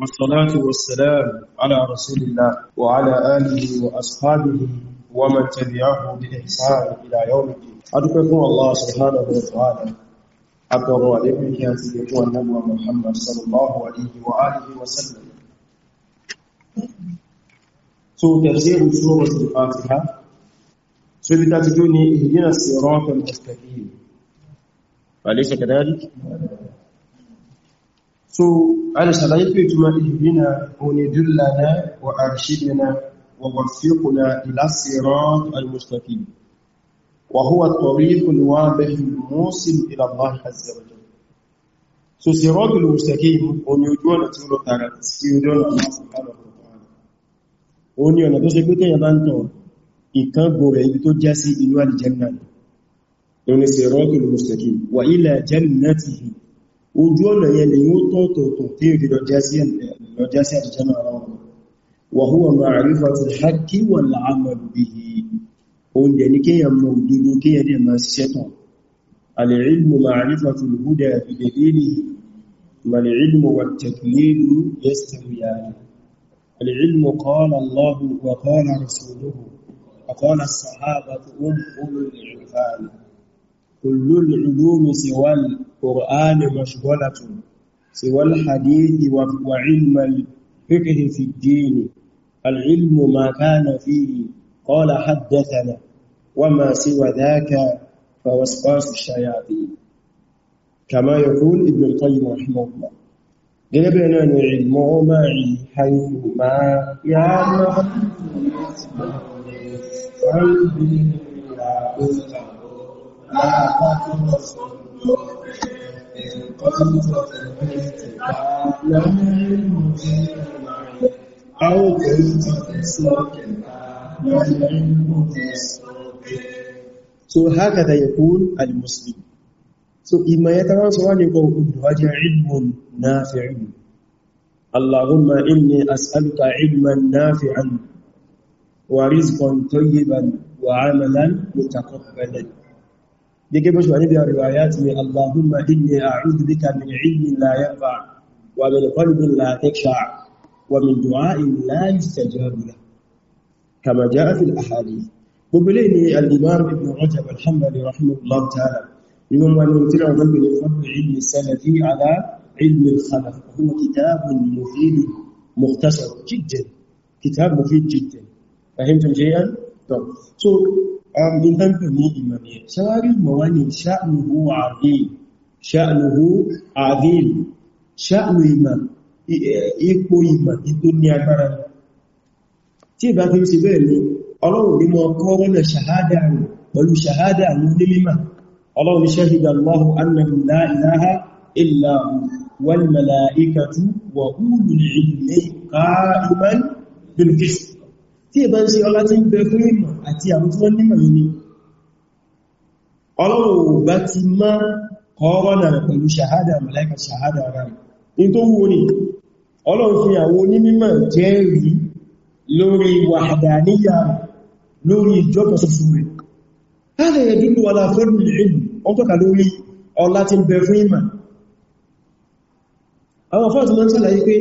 والصلاة والسلام على رسول الله وعلى آله وأصحابه ومن تبعه بإحسان إلى يوم الدين أدعوكم الله سبحانه وتعالى أبرو عليكم يا سيدنا النبي محمد صلى الله عليه وآله وسلم سوء تفسير سورة الفاتحة سورة تجوني اهدنا الصراط المستقيم أليس كذلك؟ so ala ṣàlàyé pé ìtumọ̀ ìhìdínà onídúlànà wa arṣidina wa wàfíkùnà ila sirat al-mustaqim wa huwa at-tariqul wadih al-musil ila Allah azza wa jalla so sirat al tó ṣe pé tẹ́yàn bá ń tọ̀ ìkángò rẹ̀ ibi tó já sí inú al-jannah oní sirat al-mustaqim wa ojú ọ̀nà yẹn ni yóò tọ̀tọ̀tọ̀ tí ó fi lọ jásí àtìjánà ara wọn wàhúwà ma'arifatu al dẹ̀ máa ṣiṣẹ́ tán wa qala rasuluhu wa qala as القرآن مشغلة سوى الحديث وعلم الفقه في الدين العلم ما كان فيه قال حدثنا وما سوى ذاك فوسواس الشياطين كما يقول ابن القيم رحمه الله جلبنا العلم حيث حيثما يا قلبي لا أذكر لا تكن قصة البيت أعلم المدير معي أو قصة السوق أعلم المدير So هكذا يكون المسلم. So إما يتواصل عن يقول هذا علم نافع. اللهم إني أسألك علما نافعا ورزقا طيبا وعملا متقبلا. ديكي بشو عندي روايات من اللهم إني أعوذ بك من علم لا ينفع ومن قلب لا تكشع ومن دعاء لا يستجاب له كما جاء في الأحاديث قبلين الإمام ابن رجب الحنبلي رحمه الله تعالى يوم ما نمتنع ذنب لفضل علم السنة على علم الخلف هو كتاب مفيد مختصر جدا كتاب مفيد جدا فهمتم جيدا؟ طب سو so, من بنت نيد المبيت سوار المواني شأنه عظيم شأنه عظيم شأن إما إيكو إما الدنيا برا تي باتي سيبيني الله بما قولنا شهادة عنه بل شهادة عنه لما الله شهد الله أن لا إله إلا هو والملائكة وأولو العلم قائما بالقسط tí ìbá ń ṣe ọlá tí ń bẹ fún ìmọ̀ àti àwọn tí wọ́n nímọ̀ ní ọlọ́run bá ti má kọ́ọ̀rọ̀nà rẹ̀ pẹ̀lú ṣàhádà màláíkà ṣàhádà ara rẹ̀ ní tó wó ní ọlọ́run fi àwọn onímọ̀ jẹ́rìí lórí wàhàdàníyà lórí ìjọ́ àwọn fọ́ọ̀tí mọ́ ń sọ́lá yí pé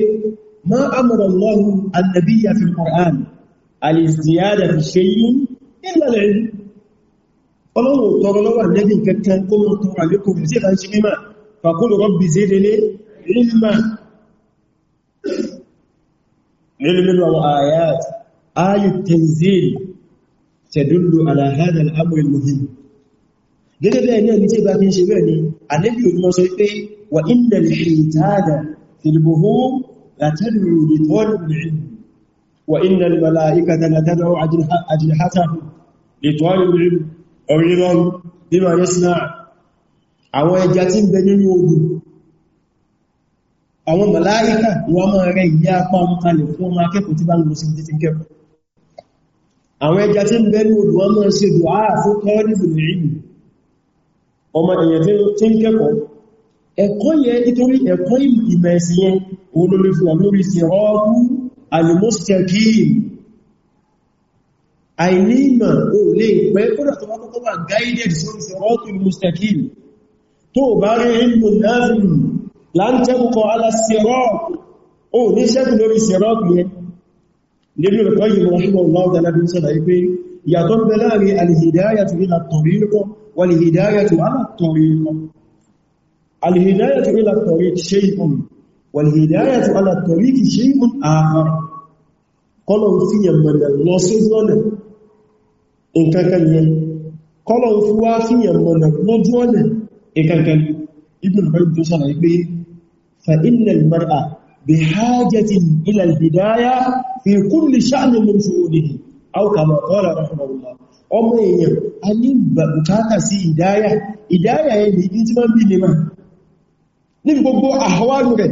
الازدياد في شيء إلا العلم فلو طرلوا الذي عليكم زيد عن شيء ما فقل ربي زيدني علما علم وآيات آية التنزيل تدل على هذا الأمر المهم gẹ́gẹ́ bẹ́ẹ̀ ní ẹni tí ìbá fi ń ṣe bẹ́ẹ̀ ni ànẹ́bí olùmọ́ sọ pé wà ìndẹ̀lẹ̀ ìtàdà filiboho وإن الملائكة لتدعو أجنحتهم لطالب العلم عرضا بما يصنع àwọn ẹja A ń bẹ nínú odò àwọn màláíkà wọ́n máa rẹ ìyá apá ń kalẹ̀ fún ọmọ akẹ́kọ̀ọ́ tí bá ń lọ sí títí kẹ́kọ̀ọ́ àwọn ẹja tí ń ọmọ tí ń kẹ́kọ̀ọ́ ẹ̀kọ́ yẹn nítorí ẹ̀kọ́ sí al-mustaqim àìníìmọ̀ o lè pẹ́ kódà tó wọ́n kọ́kọ́ wà guided sórí siratul mustaqim tó bá rí ilmù náàfin láńtẹ́kùkọ́ alásirọ́ọ̀t o ní ṣẹ́kù lórí sirọ́ọ̀t yẹn nínú rẹ̀ kọ́yìn rahimahullahu ta'ala bí sọ́dá ipé yàtọ̀ bẹ láàrin alìhìdáyàtù ila tariq wal hidayatu ala tariq alìhìdáyàtù ila tariq shay'un والهداية على الطريق شيء آخر kọ́lọ̀un fi yàmàdà lọ sójú ọ̀nà ìkankan yẹn kọ́lọ̀un fi wá fi yàmàdà lójú ọ̀nà ìkankan ibn bayan tó sára pé fa'inna al-mar'a bi hajjatin ila al-bidaya fi kulli sha'anin min shu'unihi aw kama qala rahimahullah ọmọ èèyàn a ní bukata sí ìdáyà ìdáyà yẹn ni ìjímọ̀ bí lè máa ní gbogbo àhọwà rẹ̀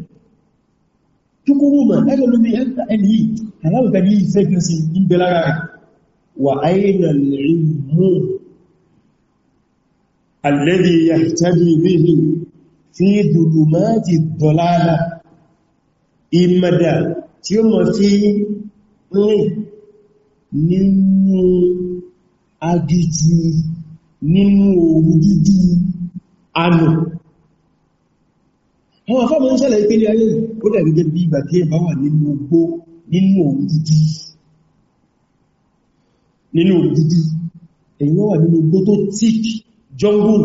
tukuruma ẹgbẹ̀lómi ẹni yìí aláwọ̀ta ní ìfẹ́gbẹ̀sí ìgbẹ̀lára rẹ̀ wà ayéna lèmú alẹ́dì ya tàbí bíhì fi dùlùmáàtì dọ̀lára ìmọ̀dá tí ó mọ̀ fi rìn nínú agìjì nínú òrùdídí anù àwọn afọ́mọ̀ ń sẹ́lẹ̀ ìpínlẹ̀ ayé ó dẹ̀ gẹ́gẹ́ bí ìgbà tí ẹ̀bá wà nínú ogbó nínú òun dídí nínú dídí èyí wà nínú ogbó tó tík jungle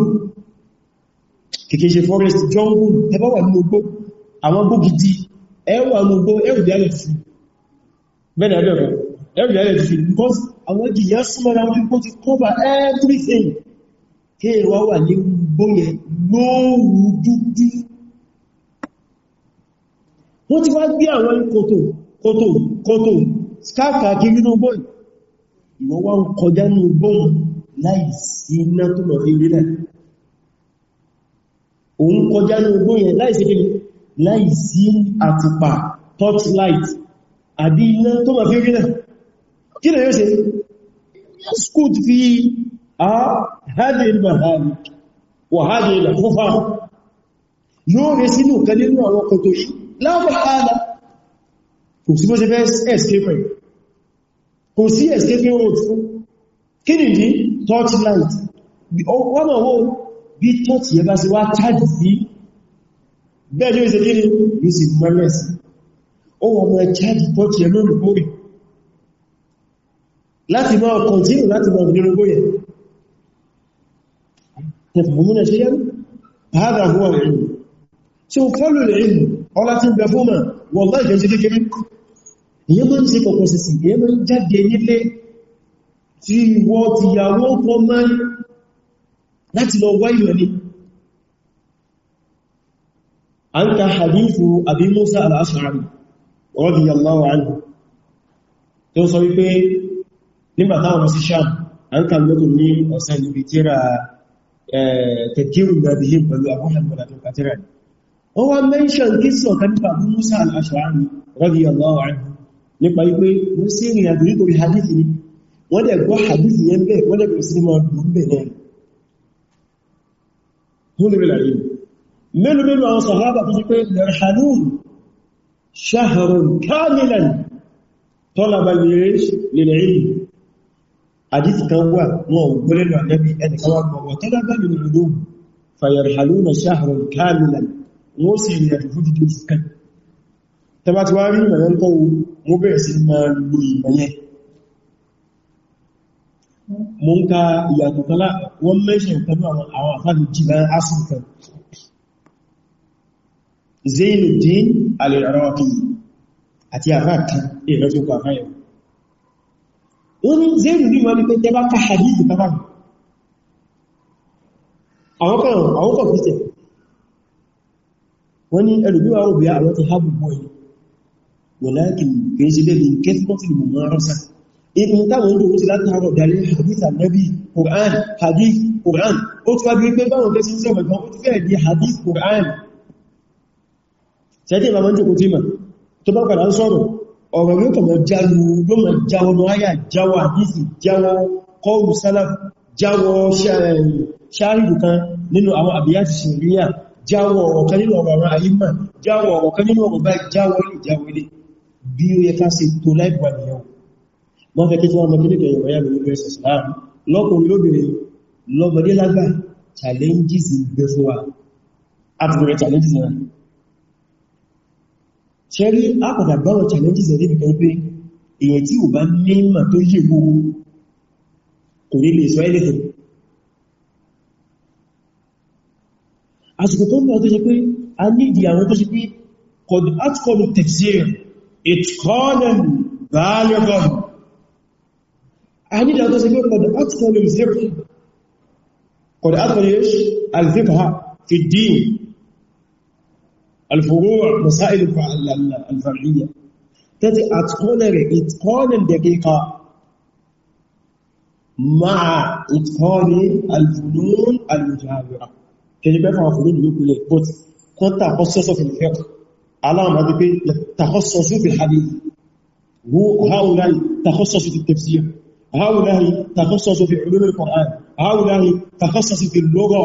kìkì ṣe forest jungle ẹbá wà nínú ogbó àwọn ogbó gidi ẹwà nínú ogbó everything kí èwà wà ní gbóyẹ lóòrùn dúdú wọ́n ti wá gbé àwọn kòtò kòtò kòtò skáfà kí nínú bọ́ọ̀lù ìwọ́n wá ń kọjá nínú bọ́ọ̀lù láìsí iná tó mọ̀ fi rí náà òun kọjá nínú bọ́ọ̀lù yẹn láìsí kí láìsí àtùpà torchlight àbí iná tó mọ̀ fi rí náà kí lè yóò ṣe scoot fi a hajj ilmahari wa hajj ilmahari yóò rẹ sínú kan nínú àwọn kòtò yìí láàrùn kò sí bó ṣe fẹ́ escape rẹ̀ kò sí escape road fún kí ni ní torch light wọ́n mọ̀ wọ́n bí torch yẹ bá sí wá charge sí bẹ́ẹ̀ ni ó ṣe kíni yóò sì mọ́lẹ̀ sí ó wọ́n mọ̀ charge torch yẹ lórúkórí láti mọ́ continue láti mọ́ ìdírógbóyẹ̀ تفهمون شيئا هذا هو العلم سوف قالوا العلم ọlá tí ń bẹ fún mọ̀ wọ́lá ìjọsí kékeré ìyẹ́ mọ́ ń ṣe kọ̀kọ̀ sí sí ìyẹ́ mọ́ ń jáde nílé tí wọ́ ti yàwó pọ̀ mọ́ láti lọ wá ìrọ̀ ní a ń ka hadithu Abi Musa al-Ash'ari lọ sí Sham ní ọ̀sẹ̀ níbi tíra eh, tẹ̀kírù nàbìlì wọ́n wá mẹ́ṣàn kìsọ̀ kanípa bí Musa al-Ash'ari radiyallahu anhu nípa wípé wọ́n sí ìrìn àdúrí torí hadith ni wọ́n dẹ̀ gbọ́ hadith yẹn bẹ́ẹ̀ wọ́n dẹ̀ kìrìsí mọ́ ọdún bẹ̀ náà wọ́n lè rẹ̀ mẹ́lú mẹ́lú àwọn sàhábà tó pé lẹ́rẹ̀hàlùn shahrun kamilan talaba kan wà wọn gbọ́lẹ̀lọ́ àdẹ́bí ẹnìkan wà gbọ́ wọ́n tọ́lábà lil-ulum fayarhaluna shahrun kamilan wọ́n sì rìn àjò fún dídí oṣù kan tẹba ti wá rí ìmọ̀lẹ́ ń tọ́wọ́ mo bẹ̀rẹ̀ sí máa lo ìmọ̀yẹn mo ń ka ìyàtọ̀ kan lá wọ́n mẹ́ṣẹ̀ pẹ̀lú àwọn àfáàlù jìlá áṣìkan Zainuddin al-Iraqi àti àfáàkan èrẹ́ wọ́n ní ẹlùmíwà òbí àwọn ti ha gbogbo ẹ̀ wọ̀láàkì kìí sí bẹ́bí kẹfọ́tì mọ̀mọ́rọ́sà ìpín táwọn ń dòwó sí látàrọ̀ dalẹ́ hadith annabi Qur'an hadith Qur'an ó ti fàbí pé báwọn fẹ́ sí ń sọ̀rọ̀ gan ó ti fẹ́ẹ̀ di hadith Qur'an sẹ́tì ìbámọ́ jòkó tí mà tó bá padà ń sọ̀rọ̀ ọ̀rọ̀ yóò kọ̀ mọ̀ jálu ló mọ̀ jáwọ́ lọ áyà jáwọ́ hadith jáwọ́ kọ́wù sálà jáwọ́ ṣáàrì kan nínú àwọn àbíyá ti ṣe ríyà jáwọ ọ̀rọ̀ kan nínú ọ̀rọ̀ àwọn àyíkà jáwọ ọ̀rọ̀ kan nínú ọ̀rọ̀ báyìí jáwọ ilé jáwọ ilé bí ó yẹ ká ṣe tó láìpàá nìyàn wọ́n fẹ́ kí tí wọ́n mọ̀ lórí challenges ń bẹ fún wa àtìbẹ̀rẹ̀ challenges náà ṣẹ́rí àpàdà báwọn challenges rẹ̀ níbi kan pé èyàn àsìkò tó mọ̀ tó ṣe pé a nídi àwọn tó ṣe pé kod atqanu tafsir itqanan balighan a nídi àwọn tó ṣe pé kod atqanu al-fiqh kod atqanu al-fiqh fi ad-din الفروع مسائل الفرعية تأتي أتقان إتقانا دقيقة مع إتقان الفنون المجاورة kejì pẹ́ fún àfúrú ìlú kúlẹ̀ but kan tàkọ́sọ́sọ́ fi fẹ́ aláàmà bí pé tàkọ́sọ́sọ́ fi hadi wo haúláì tàkọ́sọ́sọ́ fi tafsir haúláì tàkọ́sọ́sọ́ fi ulumul Qur'an haúláì tàkọ́sọ́sọ́ fi lugha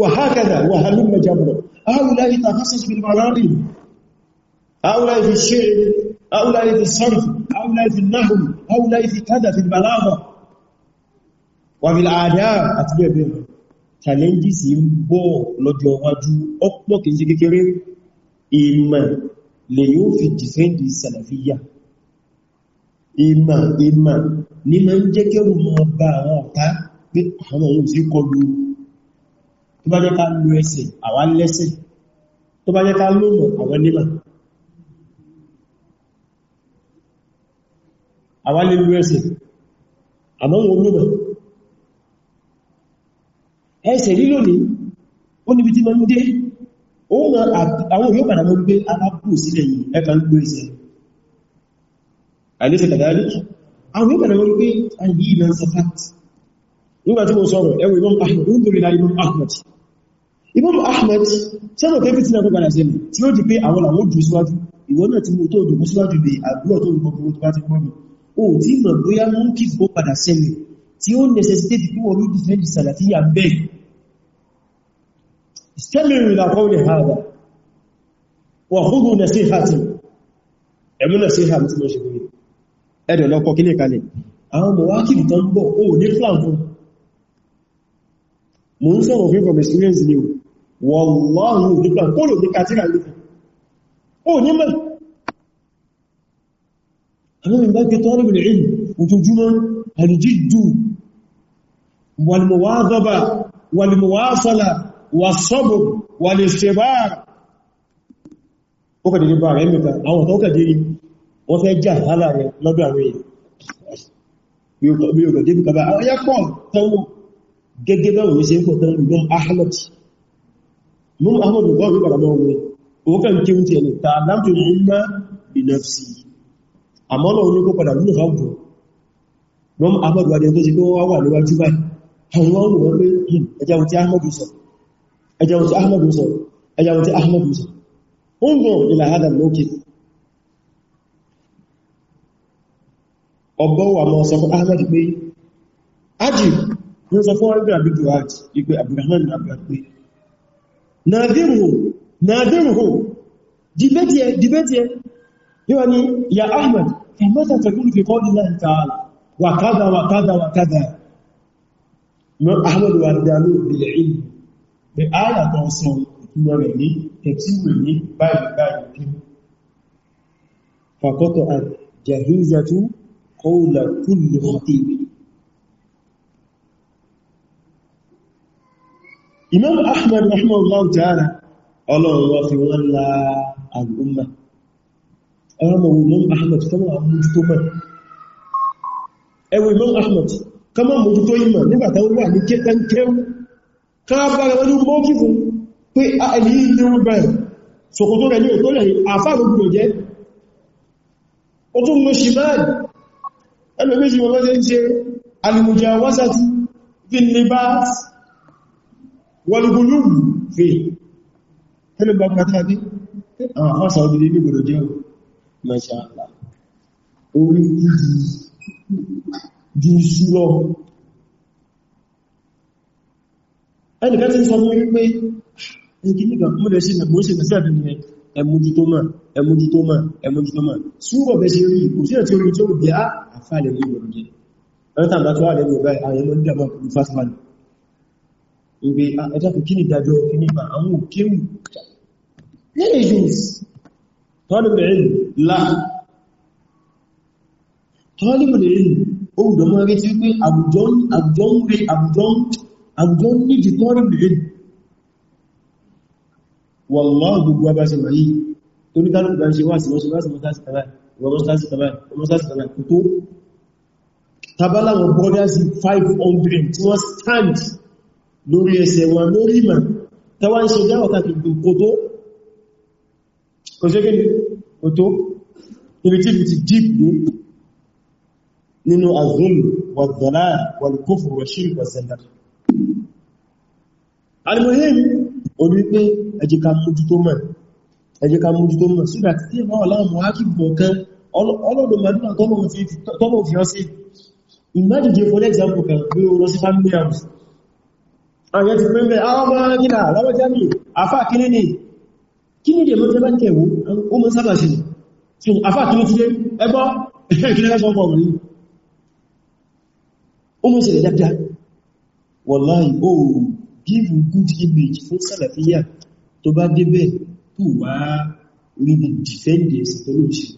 وهكذا وهلم جمله هؤلاء تخصص في المغارب هؤلاء في الشعر هؤلاء في الصرف هؤلاء في النحو هؤلاء في كذا في البلاغه وفي الآداب أتبع بهم challenges ń bọ̀ lọ́jọ́ wájú ọ̀pọ̀ kìí kékeré ìmọ̀ lè yóò fi jìsẹ́ndì sàlàfíyà ìmọ̀ ìmọ̀ ní ma ń jẹ́ kẹrù mọ́ bá àwọn ọ̀tá pé àwọn ohun sí kọlu tó bá jẹ́ lú ẹsẹ̀ àwa lẹ́sẹ̀ tó bá jẹ́ ká àwọn nímọ̀ àwa lè lú ẹsẹ̀ àmọ́ wọn lómọ̀ ẹsẹ̀ rí lónìí ó níbi tí mọ́n dé òun àwọn yóò padà mọ́n gbé alábò ah, ah, sílẹ̀ yìí ẹka ń gbé ẹsẹ̀ àìlẹ́sẹ̀ kàdáàrí àwọn ah, Imam Ahmad Imam Ahmad Imam Ahmad sẹ́nà tẹ́fì tí nàkọ́ padà sẹ́nà tí ó di pé àwọn àwọn jù síwájú ìwọ náà ti mú tó dùn síwájú bí àbúrò tó ń gbọmọ tó bá ti gbọmọ ó tí mọ̀ bóyá mú kí gbó padà sẹ́nà tí ó necessitate kí wọ́n lóòdì fẹ́ ìsàlàfíyà bẹ́ ìstẹ́mìrì làkọ́wọ́lẹ̀ hàwà wà húrù na sí hàtì ẹ̀mú na sí hàmì tí wọ́n ṣe gúrí ẹ̀dọ̀ lọ́kọ́ kí ní kalẹ̀ àwọn mọ̀ wákìlì tán bọ̀ ó ní flanfún mo ń sọ̀rọ̀ fún والمواظبة والمواصلة والصبر والاستبار ó kàdé bá rẹ̀ mẹ́ta àwọn tó kàdé rí wọ́n fẹ́ jà hálà rẹ̀ lọ́dọ̀ àwọn èèyàn bí o kàdé kàbá àwọn ya pọ̀ tánwò gẹ́gẹ́ bẹ́rẹ̀ wọ́n se ń pọ̀ tánwò mọ́ ahmed mọ́ ahmed wọ́n rí pàdàmọ́ wọn ó kàn kí ń tẹ̀lé ta láti rí má bí nafsi àmọ́ lọ́wọ́ ní kó padà nínú fáwọn mọ́ ahmed wà ní ọjọ́ sí pé wọ́n wà níwájú báyìí ẹ̀yìn wọ́n rò wọ́n pé ẹjáwó tí ahmadu sọ ẹjáwó tí ahmadu sọ ẹjáwó tí ahmadu sọ ó ń gùn ilẹ̀ adam lókè ọgbọ́ wà mọ́ sọ fún ahmadu pé ajì ní sọ fún ọ̀rẹ́gbẹ̀ àbíjù àti ìgbẹ̀ abdulrahman abdulrahman pé nàdírùhù dìbẹ́tìẹ yíwa ni ya ahmad ẹ̀mọ́ta tẹ̀kùn fi kọ́ wa kada wa kada wa kada Ahmed wa dalo ilẹ̀ ìlú pé ààyà tó ń sọ ìtumọ̀ rẹ̀ ní tẹ̀tíwẹ̀ ní báyìí báyìí kí fàkọ́tọ̀ àjẹ̀híjẹ̀tú kọ́ùlà kúlù ọ̀tẹ̀wẹ̀ Imam Ahmed rahimahullah ta'ala ọlọ́run wá fi wọ́n la àgbọ́mà ẹwọ́n mọ̀ Imam Ahmed fọ́nà àmójútó mẹ́ ẹwọ́ Imam Ahmed kọmọ mójútó ìmọ̀ nígbàtà wà ní kétankẹ́wù káàbára wọn ní mọ́kí fún pé àìlì ìlú báyìí sọkòtò rẹ̀ ní òtó lẹ́yìn àfáàrù gbùdò jẹ́ ó tún mọ́ sí báyìí ẹlòmíjì wọn lọ́jẹ́ ń ṣe alìmùjà wásàtí fi ní bá wọlùgbùlùgbù fi ẹlòmíjì wọn lọ́jẹ́ ń ṣe alìmùjà wásàtí fi ní bá ju iṣu lọ ẹnìkan tí ń sọ mú wípé ẹgbẹ̀rún múlẹ̀ sí ẹgbẹ̀rún mẹ́sàbí ni ẹmújú tó máa ẹmújú tó máa ẹmújú tó máa súnrọ̀ bẹ́ sí rí kò sí ẹ̀ tí ó rí ah, tí ó bí á àfáàlẹ̀ mú ìrọ̀ ah, jẹ́ ẹ̀rẹ́ta àbá tó wà lẹ́nu ọ̀gá ààrẹ mọ́ nígbà máa kùrù fásitì ìgbé ẹjọ́kù kí ni ìdájọ́ kí ní ìgbà àwọn òkéwù religions tọ́lùmù ìlú láà tọ́lùmù ìlú ó gbọ́dọ̀ mọ́ rí tí pé àwùjọ ń rí àwùjọ ń níjì tó rí bèèrè wọ́lọ́ gbogbo ọba ṣe wà yìí tó ní kálùkù ṣe wá sí wọ́n sí mọ́sálásí tàbí tó tàbálàwọ̀ brothers 500 tí wọ́n stand lórí ẹsẹ̀ wọn lórí ìmọ̀ tàwà ń ṣe jáwọ̀ kàkìkì kòtó kòtó ibi tí ibi ti jíìpù nínú azul wàdàlá wàlùkúfù wàṣírí wàzẹ̀lá alimohim orí pé ẹjíká mójútó mọ̀ ẹjíká mójútó mọ̀ sí ìgbà títí ìwọ̀n aláàmù ákìbọ̀ kan ọlọ́dọ̀mọdúnà tọ́lọ̀ fi ọ́sí ìmájìjẹ for example kan pé o lọ sí family house àwọn ti pín mẹ́ àwọn ọmọ gíga lọ́wọ́ jẹ́mì àfáà kí ní kí ní ìdèmọ́ tẹ́bá ti dé ẹgbọ́ ẹgbẹ́ ẹgbẹ́ ọgbọ̀ ọmọ ṣẹlẹ̀ dáadáa wallahi ó give good image fún sàlàfíyà tó bá débẹ̀ tó wá rí the defenders pẹ̀lú òṣì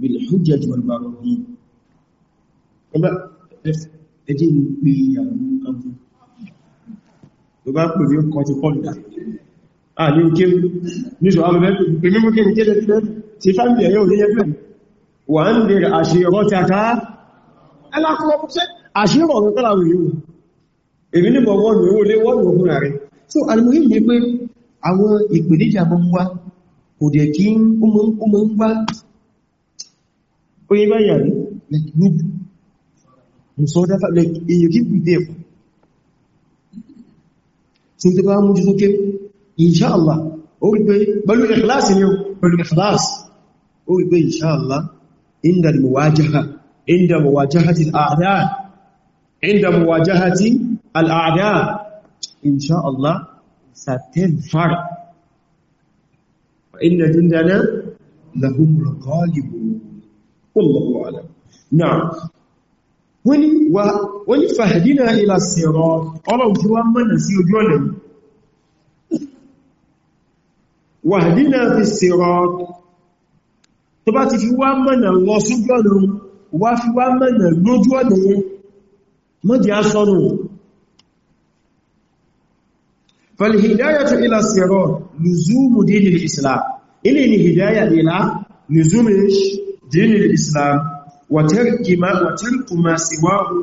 bil hujjaj wal burhan ọba ẹdí ń pè ìyàwó ọmọ tó bá pè ní ọkọ̀ ti pọ̀lá ààlé òkèrè níṣọ́ àwọn ẹgbẹ̀rẹ̀ pẹ̀lú òkèrè kéde tí fáìlì ẹ̀yọ́ òní ẹgbẹ̀rẹ̀ wà ń lè àṣírọ́ta ká ẹlákùnrin ọkùnrin àṣírọ̀ ọ̀rọ̀ tọ́lá rẹ̀ yóò èmi ní mọ̀ wọ́n yóò lé wọ́n yóò fúnra rẹ̀ so alìmọ̀yí ní pé àwọn ìpèníjà mọ́ ń wá kò dẹ̀ kí ó mọ́ ń wá oye báyà rí like group musọ́dá like èyí kí bí dẹ̀ fún tí ó ti bá mú jítókè inṣáàlá ó rí pé pẹ̀lú ìkìláàsì ni pẹ̀lú ìkìláàsì ó rí pé inṣáàlá inda al-muwajaha inda muwajahatil a'da عند مواجهة الأعداء إن شاء الله ستظهر وإن جندنا لهم الغالبون والله أعلم نعم wọ́n fàhìdínà ilà sẹ̀rọ ọlọ́run tí wọ́n mọ́nà sí ojú ọ̀nà wàhìdínà fi sẹ̀rọ tó bá ti fi wá mọ́nà lọ sójú ọ̀nà wá fi wá mọ́nà lójú ọ̀nà mọ́jì á sọ́nù fal hidayatu ila sirat luzumu dinil islam ilé ni hidaya ila luzumu dinil islam wa tarki ma wa tarku ma siwahu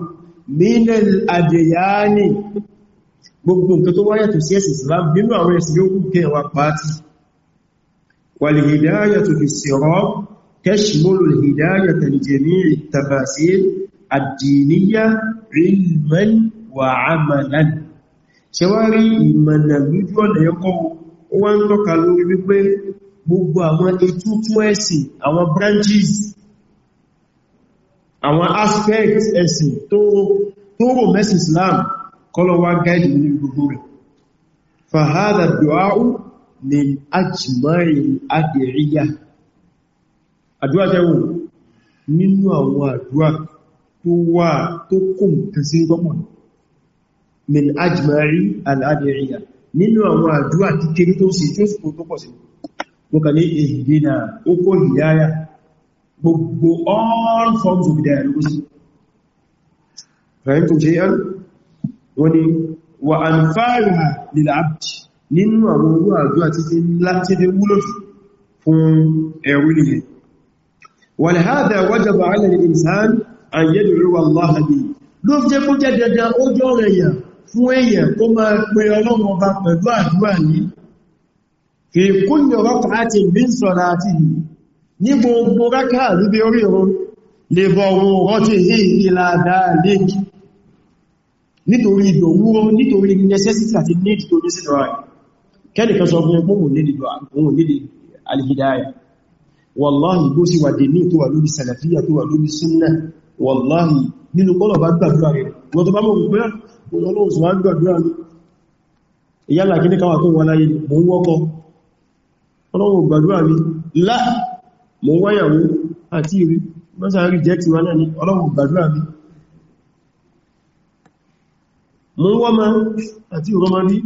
minal adiyani gbogbo nǹkan tó wáyàtọ̀ sí ẹ̀sìn islam nínú àwọn ẹ̀sìn yóò kẹwàá pàtí والهداية في الصراط تشمل الهداية لجميع التفاسير àdìníyà ilman wa amalan ṣe wá rí ìmọ̀nà lójú ọ̀nà ẹ̀kọ́ ó wá ń tọ́ka lórí wípé gbogbo àwọn ètútún ẹ̀sìn àwọn branches àwọn aspects ẹ̀sìn tó rò mẹ́sì Islam kọlọwà gáìdì ní gbogbo rẹ̀ fàhádà dùáù ní ajmari adìríyà àdúwà tẹ́wọ̀n nínú àwọn àdúwà tó wà tó kò nǹkan sí gbọ́pọ̀ min ajmari al'adiriya nínú àwọn àdúrà kékeré tó sì tí ó sì tó pọ̀ sí mo kà ní ihdina ó kó hidaya gbogbo all forms of hidaya ló sí fahimtum shay'an wani wa anfa'uha lil abd nínú àwọn orú àdúrà títí láti dé wúlò fún ẹ̀rù nìyẹn wal hada wajaba ala àyẹ́dù ríwà láhàbí ló jẹ́ kó jẹ́ dandan ó jọ rẹ̀ yà fún èyàn kó máa pe ọlọ́run ọba pẹ̀lú àdúrà ní èkúnlẹ̀ ọ̀rọ̀kọ̀ àti min salatihi ní gbogbo rákà lúbí orí oòrùn lè bọ̀rọ̀ rọ́tí ìlà dáadéèkì nítorí ìdòwúrò nítorí necessity àti need wallahi bó sì wà dé ní tó wà sàlàfíyà tó wà lórí sunnah wàláhì nínú kọ́lọ̀ bá gbàdúrà rẹ̀ wọ́n tó bá mọ̀ pẹ́ ọlọ́run sì wá gbàdúrà ní ìyálà kí ní káwà tó wà láyé mò ń wọ́kọ́ ọlọ́run gbàdúrà ní lá mò ń wáyàwó àti ìrí mọ́sàárì jẹ́ ti wà náà ní ọlọ́run gbàdúrà ní mò ń wọ́mọ àti ìrọmọdí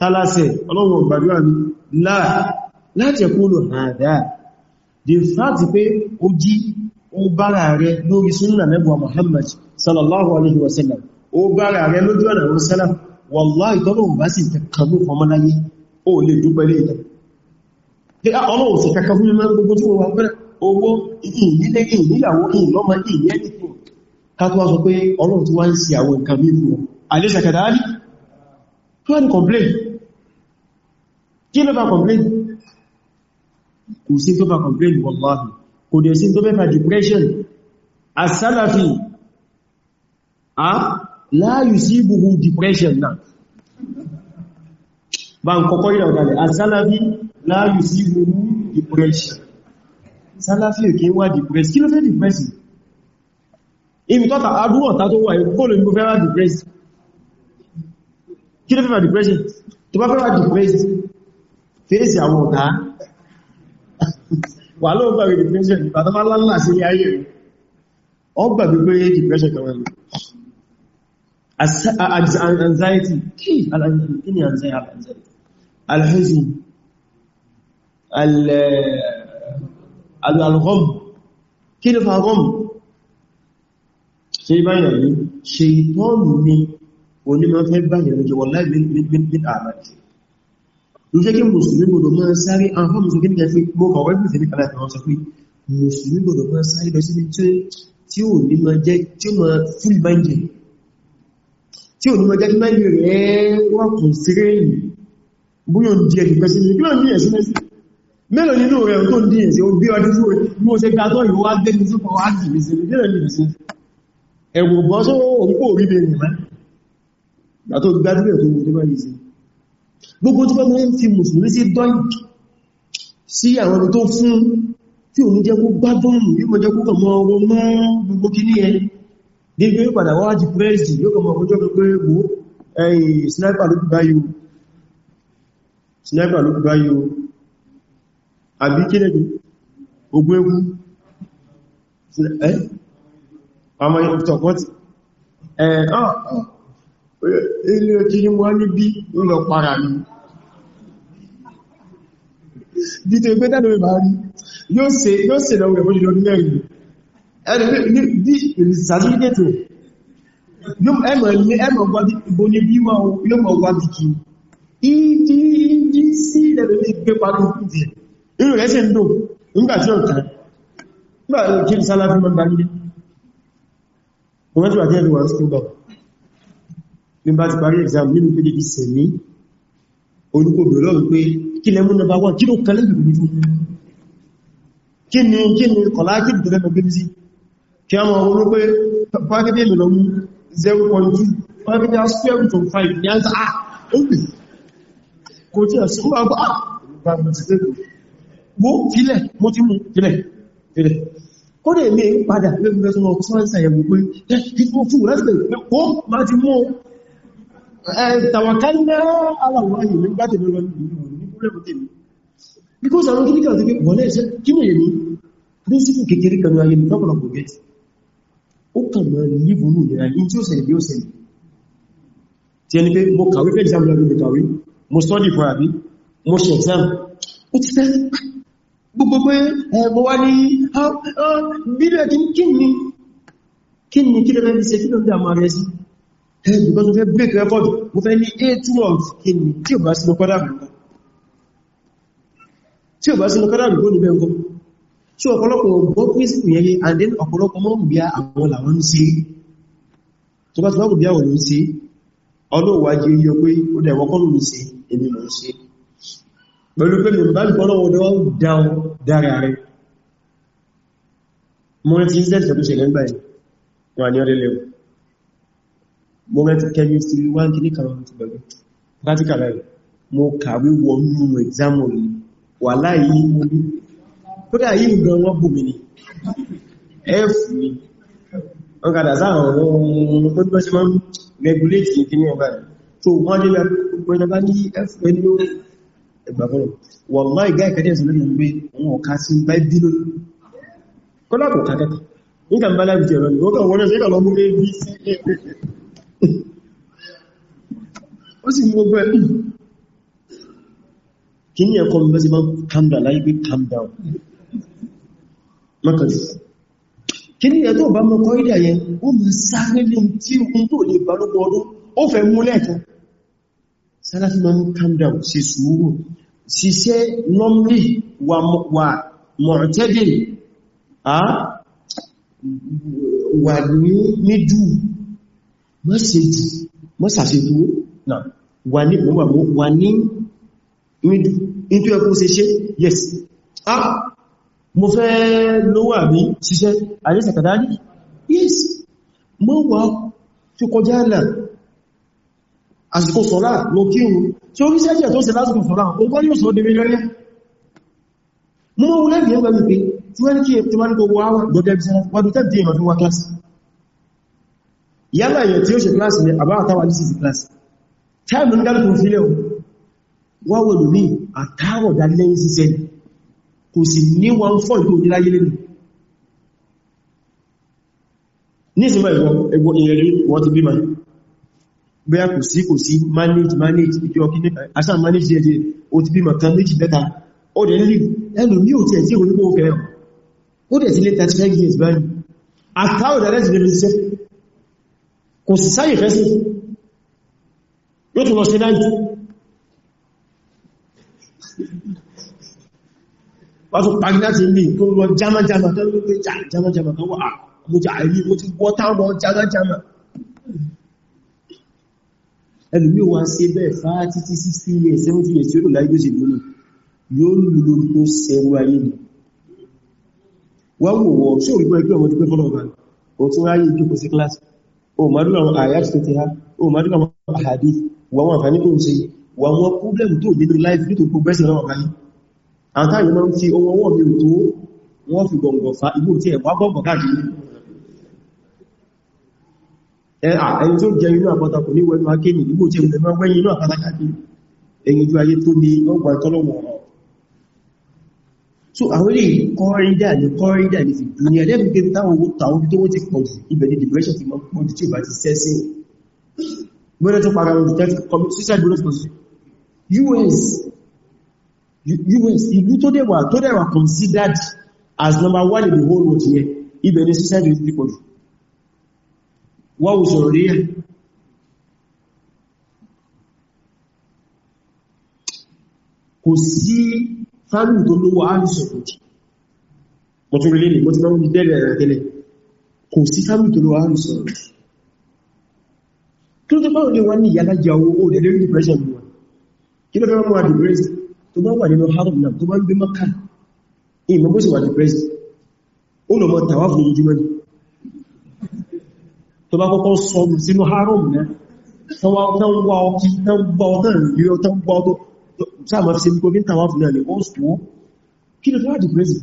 tálásẹ̀ ọlọ́run ó bára rẹ lórí súnnà mẹ́bùwa Muhammad sallallahu alaihi wasallam ó bára rẹ lójú ọ̀nà àwọn sálà wallahi tọ́lọ̀ bá sì kankan ló fọmọ́ láyé ó lè dúpẹ́ lé ìtàn pé ah, ọlọ́run sì kankan fún mímọ́ gbogbo tí wọ́n wá pẹ́rẹ́ owó ìnílé ìníyàwó ìlọ́mọ ìní ẹnìkan ká tó wá sọ pé ọlọ́run tí wá kò sí tó bá complain wallahi kò dẹ̀ sí tó mẹ́fà depression asálàfí a láàyù sí gbogbo depression náà bá ń kọ́kọ́ ìrà ọ̀dàlẹ̀ asálàfí láàyù sí gbogbo depression sálàfí ò kí wá depression kí ló fẹ́ depression ibi tọ́ta adúwọ̀ ta tó wà ìkóòlù ìgbò fẹ́ wá depression kí ló fẹ́ wá depression tó bá fẹ́ wá depression fèsì àwọn ọ̀tá wà ló gbàgbé depression bàtà bá lálà sí ayé rẹ̀ ọ gbàgbé pé depression kan wọ́n anxiety kí ni anxiety alhazi alhom kí ló fa hom ṣe báyìí rí ṣe ìtọ́nù ni onímọ̀ fẹ́ báyìí rí jẹ́ wọ́n láì bí ní jẹ́ kí mùsùlùmí gbọdọ̀ máa sáré àwọn fọ́mù sí kíníkà pé mo kọ̀wọ́ ìpín sí ní kàlá ìtàwọn sọ pé mùsùlùmí gbọdọ̀ máa sáré lọ síbi tí ó ní máa jẹ́ tí ó máa full mind tí ó ní máa jẹ́ kí mind rẹ̀ wà kùn sí rẹ̀yìn bóyọ̀ ń di ẹ̀kùn pẹ́sí kí lọ́n díẹ̀ sí mẹ́sí mélòó nínú sọ́wọ́ òun kò rí bẹ̀rẹ̀ mẹ́ gbà tó gbádùn ẹ̀ tó mú tó bá yìí sí gbogbo tí wọ́n ń fi mùsùlùmí sí dọ́ìk sí àwọn tó fún tí òun jẹ́ kó bá bọ́ọ̀mù yíò mọ́ jẹ́ kó kàn mọ́ ọwọ́ mọ́ gbogbo kí ní ẹ dégbé padà wá jí pírẹ́sì yóò kàn ilé tí wọ́n ní bí ń lọ para ní bí tó gbé tẹ́lẹ̀ bá rí yóò se yóò se lọ rẹ̀ fún ìlú mẹ́rin ẹni bí ìsàtífíkẹ́tì ẹmọ̀ gbọ́ ní bí wọ́n yóò mọ̀ wá bí kí ìdí ìdí sí ilẹ̀ lórí gbé parí ìdí inú rẹ̀ sì ń dò nígbàtí ọ̀tà nígbàtí kí ní sálá fún mọ́ bí bá ti parí exam nínú tó débi sẹ̀mí olùkòbìnrin lọ́rùn pé kí lẹ́mú nọba wọ́n kí ló kẹlẹ̀ ìlú ní fún kí ni kí ni kọ̀lá kí ni tọ́lẹ́mọ̀ bí sí kí a mọ̀ wọ́n pé pàkẹ́tẹ́ ìlú lọ mú 0.2 pàkẹ́tẹ́ square root of 5 ní àǹtà òbí ah, kò tí ẹ̀sùn wà ah, ah, bá wó fílẹ̀ mo ti mú fílẹ̀ fílẹ̀ ó dẹ̀ mé padà lẹ́gbẹ̀ẹ́ sọ́nà ọ̀sán ìsàyẹ̀wò pé ẹ̀ tàwàkálẹ̀ because àwọn kíníkà ti pé wọ́n lẹ́ẹ̀ṣẹ́ kí mò yẹ ní príncipù kékeré kan ayé lọ́pọ̀lọpọ̀ gẹ́ẹ̀tì ó kàn mọ́ níbùnú ìrìnà ní tí ó ṣẹlẹ̀ bí ó ṣẹlẹ̀ tí ẹni pé mo kàwé fẹ́ exam lọ́dún mi kàwé mo study for àbí mo ṣe exam ẹgbẹ̀ kan tó fẹ́ break record mo fẹ́ ní 8 months kí ni tí ò bá sínú kọ́dà rùgbọ́ tí ò bá sínú kọ́dà rùgbọ́ ní bẹ́ẹ̀kọ́ tí ọ̀pọ̀lọpọ̀ ọgbọ́ príncipù yẹye and then ọ̀pọ̀lọpọ̀ mọ́ bí àwọn làwọn ń ṣe tó bá ti bá bí àwọn ló ń ṣe ọlọ́wàájí yíyọ pé ó dẹ̀ wọ́kọ́ ló ń ṣe èmi ló ń ṣe pẹ̀lú pé mi bá lè fọ́lọ́ ọdọ́ dáun dára rẹ̀ mo rẹ̀ ti ń sẹ́ẹ̀sẹ̀ tó ṣẹlẹ̀ ń báyìí wà ní ọdẹ́lẹ́wọ̀ Moment rántí chemistry wọ́n kí ní kan ti bẹ̀rẹ̀ practical rẹ̀ mo kàwé wọnú exam rí wà láyé mo ní kódà yìí gan wọ́n bù mí ní f ni wọ́n kàdà sáàrùn ohun tó bọ́ sí wọ́n regulate ní kí ní ọgbà f pẹ̀lú ẹgbàgbọ́rọ̀ wọ́n láì gáì kẹ́dẹ̀ sí lórí ìwé wọn ọ̀ká sí báìbí lónìí kọ́lá kò kàkẹ́kọ̀ọ́ nígbà bá láì jẹ̀rọ ni wọ́n kàn wọ́n rẹ̀ sí ìkàlọ́mú ó sì mú ọgbẹ́ kí ní ẹ̀kọ́ mi mẹ́sí máa calm down láyé pé calm down mọ́kànsí kí ní ẹ̀tọ́ bá mọ́kọ́ ìdí ayẹ ó mọ́ sáré lè tí ó tó lè bá lókọ ọdún ó fẹ́ mú lẹ́ẹ̀kan sálàfí máa ń calm down ṣe sùúrù ṣiṣẹ́ normally wà mọ̀tẹ́dẹ̀ wà ní jù mọ́sẹ̀tì mọ́sàṣẹ́tò náà wà ní mọ́wàmọ́ wà ní ìtú ẹkùn ṣe yes A, ah, mo fẹ́ lówà bí ṣiṣẹ́ àyẹ́sàkàdárí yes mọ́wàá tí kọjá náà àsìkò sọ́lá ló kírun tí ó rí sẹ́jẹ̀ tó ṣe lásìkò sọ́lá ogọ́ yóò sọ́ dẹ̀mẹ́ lọ́lẹ́ mọ́ wọ́n lẹ́gbẹ̀ẹ́ gbẹ̀mẹ́ pé tí wọ́n ní kí ètò wọ́n ní gbogbo wọ́n dọ̀dẹ̀ bí sẹ́rẹ̀ wọ́n dọ̀dẹ̀ bí ẹ̀mọ̀ tó yálà èyàn tí ó ṣe kíláàsì ní àbá àtàwà ní sí kíláàsì táìmù ń dálùkù fílẹ̀ wọ́n wọ́n lò ní àtàrọ̀ dálẹ́yìn síṣẹ́ kò sì ní wọ́n fọ́ ìlú oníláyé lẹ́nu ní ìsinmi ẹgbọ́ ìrẹ̀lẹ́ manage manage ìjọ kíní àṣà manage díẹ̀ díẹ̀ ó ti bímọ kan méjì mẹ́ta ó dẹ̀ nílì ẹnu ní òtí ẹ̀tí ìrònígbò ó fẹ́ràn ó dẹ̀ sí lé 35 years báyìí àtàrọ̀ dálẹ́sì lẹ́nu iṣẹ́ kò sì sáyì fẹ́sí yóò tún lọ sí dájú wọ́n tún pàgí láti ní tó lọ jámájámá tó ló pé jámájámá tó wà mú jà àìrí mú ti gbọ́ táwọn jámájámá ẹni ní wọ́n sí bẹ́ẹ̀ fáá títí 60 years 70 years tí ó lò láyé ló sì lónìí yóò lò ló sẹ́rú ayé ni wọ́n wò wọ́n tí ò òmàdúnà àyàtì tó ti ha òmàdúnà àhàdí wọn àǹfàní tó ń ṣe wọn wọn problem tó nínú life nítò kó gbẹ́sẹ̀ lọ́wọ́ báyìí àtàrí máa ń fi ọwọ́ wọn mi tó wọ́n fi gọ̀ǹgọ̀ fa igbó tí ẹ̀wà gọ̀ǹgọ̀ káàkiri ẹni tó jẹ inú àpáta kò ní wẹnu akéèmì igbó tí ẹ̀wà wẹ́yìn inú àpáta káàkiri ẹ̀yìn ojú ayé tó ní ọgbà ìtọ́lọ́wọ̀ ọ̀rọ̀ so àwọn ilé kọ́rídà ní kọ́rídà ní ìdúnyà lẹ́bí pé táwọn owó tàwọn tó wó ti pọ̀ jù ibẹ̀ ní depression ti mọ́ pọ̀ jù tí ó bá ti sẹ́sí gbọ́nà tó para ọdún tẹ́tì commit suicide bullet for US US ìlú tó dẹ̀wà tó dẹ̀wà considered as number one in the whole world yẹ ibẹ̀ ní suicide bullet pọ̀ jù wọ́n wù sọ̀rọ̀ rí ẹ̀ kò sí fáàlù tó lówó àrísẹ̀kù mo tún rílé ní mo ti máa ń rí bẹ́rẹ̀ rẹ̀ tẹ́lẹ̀ kò sí fáàlù tó lówó àrísẹ̀kù kí ló tó báwọn ní wọ́n ní ìyálájá owó ó dẹ̀ lórí depression wọn kí ló fẹ́ mọ́ depressed tó bá wà nínú haram náà tó bá ń gbé mọ́ká ìmọ̀ bó sì wà depressed ó lọ mọ́ tàwà fún ojúmọ́ ni tó bá kọ́kọ́ sọ sínú haram náà tán wá ọkí tán gbọ́ ọ̀tán ìlú tán gbọ́ ọ̀tán sáàmà fi ṣe bí kòfin tàwà fún ẹ̀lẹ̀ wọ́n tó kí ló fẹ́rẹ̀ dìgbẹ́sì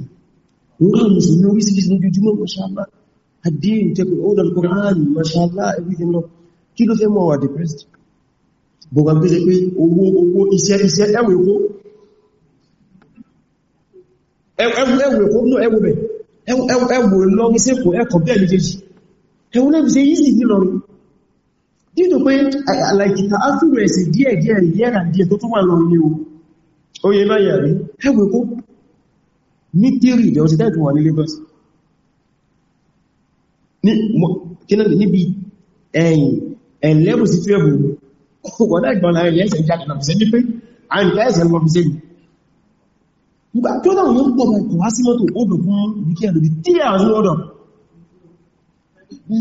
wọ́n mùsùlùmí orísìírísìí lójoojúmọ́ mọ́ṣálá àdíyìn tẹ́kùn ọdọ̀ Kùránì mọ́ṣálá everything lọ kí ló fẹ́ mọ́ wà depressed bọ̀gbà tó ṣe pé owó owó iṣẹ́ iṣẹ́ ẹwẹ̀ kó ẹwẹ̀ kó ní ẹwẹ̀ bẹ̀ ẹwẹ̀ lọ dídò pé àlàìkìtà áfíìrò ẹ̀sìn díẹ̀ díẹ̀ yẹ́rà díẹ̀ tó tún wà lọ ní o yẹ báyà rí ẹgbẹ̀ kó ní tírí ìdẹ̀ òsì tẹ́ẹ̀tù wà ní Lagos níbi ẹ̀yìn ẹ̀lẹ́bù sí tíẹ̀bù wọ́dá ìgbọ̀nà ẹ̀lẹ́sẹ̀ jáde náà sí pé àìkà ẹ̀sẹ̀ lọ fi sí ìgbà tó náà yóò pọ̀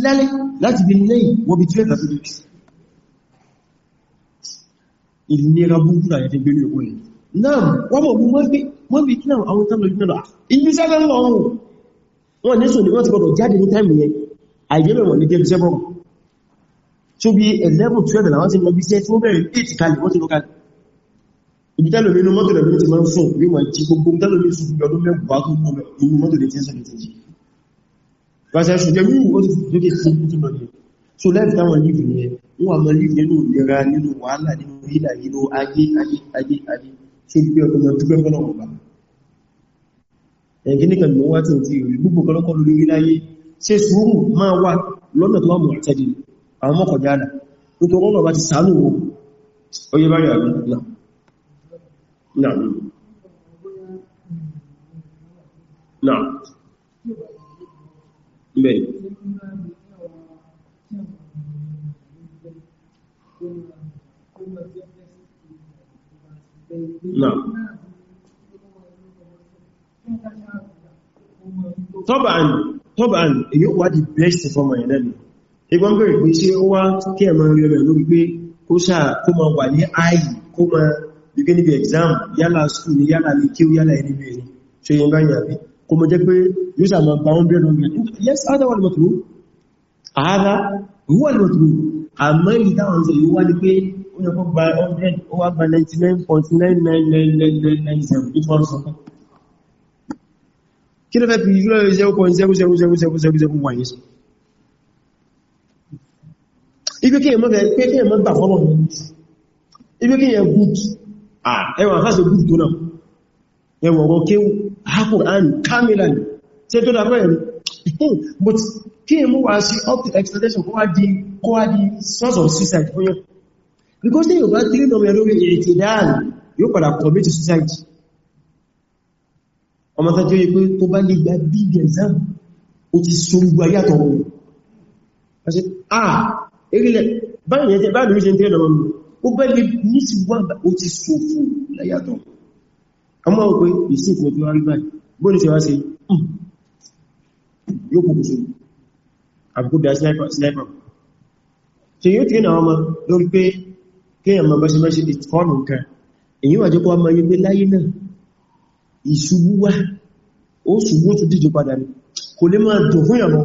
lẹ́lẹ́ láti bí lẹ́yìn wọ́n bí tíwẹ́ta sí lẹ́kì ìlera búrúkúrà ẹ̀fẹ́ gbé ní òun náà wọ́n mọ̀ mú wọ́n bí kí náà àwọn tánà ìjọ́ náà ibi sẹ́lẹ̀ ń lọ ọ̀run wọ́n ní sùn ní wọ́n ti gbọdọ̀ jáde ní táìmù yẹn àìjẹ́bẹ̀ wọ̀n ní dé iṣẹ́ bọ́rọ̀ tó bí 11 12 làwọn ti lọ bí iṣẹ́ tí wọ́n bẹ̀rẹ̀ 8 kalẹ̀ wọ́n ti lọ kalẹ̀ ibi tẹ́lò nínú Rọ́sẹ̀ ṣùgbẹ́ mú ó ti lókè sí ìtùmọ̀ ní. So lẹ́fì táwọn lífì ní ẹ, wọ́n àmọ́ lífì nínú ìlera nínú wàhálà nínú ìlà nínú ayé ayé ayé ayé ṣe gbé ọdún ọdún pẹ́ fọ́nà ọ̀pá. Ẹ̀gí ní kàmì wá tí ó ti rí gbogbo kọlọ́kọ́ lórí láyé, ṣe sùúrù máa wà lọ́nà tó wà mọ̀ àtẹ́dì àwọn mọ́kànjá àdà, nítorí ọ̀nà bá ti sàánù wọn. Ó yẹ báyìí àbí náà. Náà bẹ́ẹ̀ náà tọ́bà ní tọ́bà ní èyí wà di best fọ́mọ̀ ẹ̀dẹ́ ni ìgbọ́n bẹ̀rẹ̀ pé ṣe ó wá kí ẹ̀mọ̀ rí ọmọ lórí pé kó sáà kó ma wà ní ààyè kó ma bí gẹ́ níbi exam yálà school yálà ní kí ó yálà ẹni bẹ̀rẹ̀ ṣe yẹn báyìí àbí kò mọ̀ jẹ́ pé yóò sàmà bá wọn bẹ̀rẹ̀ lórí yes hada wal matlub hada huwa al matlub àmọ́ ìdáwọn ṣe yíó wá ní pé ó yẹ kó gba 100 ó wá gba 99.99997 ìfọ́nsọ́kọ́ kí ló fẹ́ fi yíó lọ́rọ̀ 0.00000 wáyé sí ibi kí èmọ́ pé kí èmọ́ gbà fọ́lọ̀ ibi kí èmọ́ gúúd ah, ẹwà fásitì gúúd tó náà ẹwà ọ̀rọ̀ kéwù ha Qur'an kamilan ṣe tó dá bẹ́ẹ̀ hmm, but kí mú wá sí up to expectation kó wá di kó source of suicide fún yẹn because ní yorùbá tí lọ́mọ ẹ̀ lórí ètè dáàlì yóò padà commit suicide ọmọ tó jẹ́ pé tó bá lè gba big exam ó ti so gbogbo ayé àtọ̀wọ̀ àṣẹ ah erílẹ̀ báyìí ba báyìí ẹ̀ tẹ́ lọ́mọ mi ó bẹ́ lè ní sí wà ó ti so to. láyàtọ̀wọ̀ ọmọ òpé ìsìn kò tí wọ́n rí báyìí bóní ṣe wá sí hmm. yóò kùkù sí àbúkúdá sniper ṣe yóò tí náà ọmọ lórí pé ma báṣẹ́báṣẹ́ nǹkan èyí wà ọmọ láyé náà ìṣubú wá ó ṣubú tó díje padà ní kò lè máa dùn fún ìyàmọ́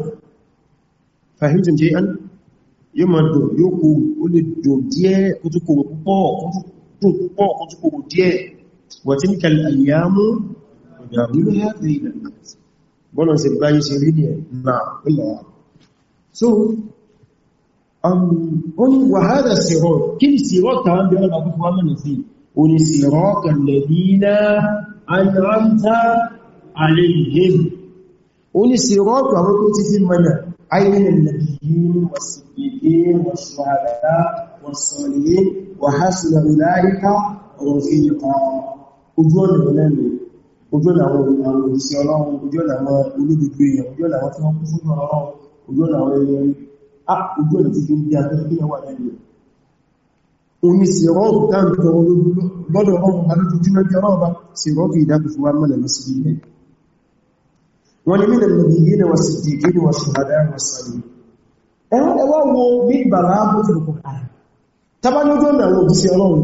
jẹ́ án yóò máa dùn yóò ó lè dùn díẹ̀ kó وتلك الأيام نداولها بين الناس بولا سيبقى يسيرين نعم الله so um وهذا الصراط كل صراط كان بيقول ابو محمد نسي وني صراط الذين انعمت عليهم وني صراط ابو تي في منا اي النبيين والصديقين والشهداء والصالحين وحسن اولئك رفيقا ojú ọ̀nà ìlẹ́nu ojú ọ̀nà àwọn òṣìṣẹ́ ọlọ́run ojú ọ̀nà àwọn olóògbé èèyàn ojú ọ̀nà àwọn tí wọ́n kún fún ọlọ́run ojú ọ̀nà àwọn ẹyẹ ojú ọ̀nà tí ó bí agbẹ́gbẹ́ yẹn wà lẹ́nu omi sírọ́ọ̀bù táàkì lọ́dọ̀ ọmọ alójújúmọ́ bí ọlọ́run bá sírọ́ọ̀bù ìdákù wa mọ́lẹ̀ lọ sí ilẹ̀ wọ́n ni mílẹ̀ lọ́dìyí ni wọ́n sì dìgí ni wọ́n sì hàdá wọ́n sàlẹ̀ ẹwà wo ní ìbàlá bó fi kùn àà tàbá ọ̀nà àwọn òbí sí ọlọ́run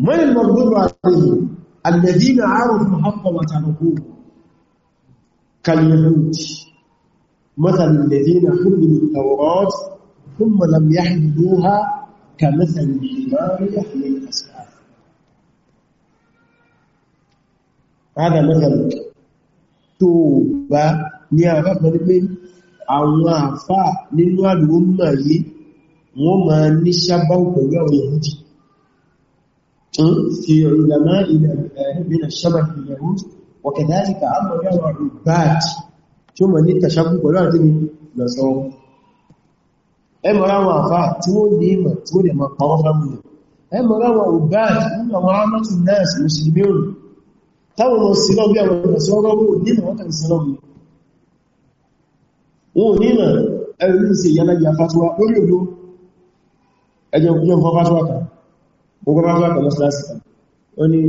من المغضوب عليه الذين عرفوا حق وتركوه كاليهود مثل الذين حملوا التوراة ثم لم يحملوها كمثل الحمار يحمل الأسعار هذا مثل توبة يا رب من ní من àwọn àfáà وما àdúgbò mọ̀ في علماء من الشبه اليهود وكذلك أمر يرى عباد ثم نتشبه ولا تبي لصوم ẹmọ̀ ráwọn àfá tí ó ní ìmọ̀ tí ó lè mọ̀ pàwọ́ fámúlù ẹmọ̀ ráwọn òbáàdì nínú àwọn amájú náà sí mùsùlùmí òrù táwọn lọ sí lọ́gbí àwọn ìrọ̀sọ́rọ́gbò nínú wọ́n kàn sí lọ́gbí wọn nínú ẹ̀rùn sí ìyálájá fásiwá lórí òdó ẹjọ́ ogun máa wà pẹ̀lú sílásì kan ó ní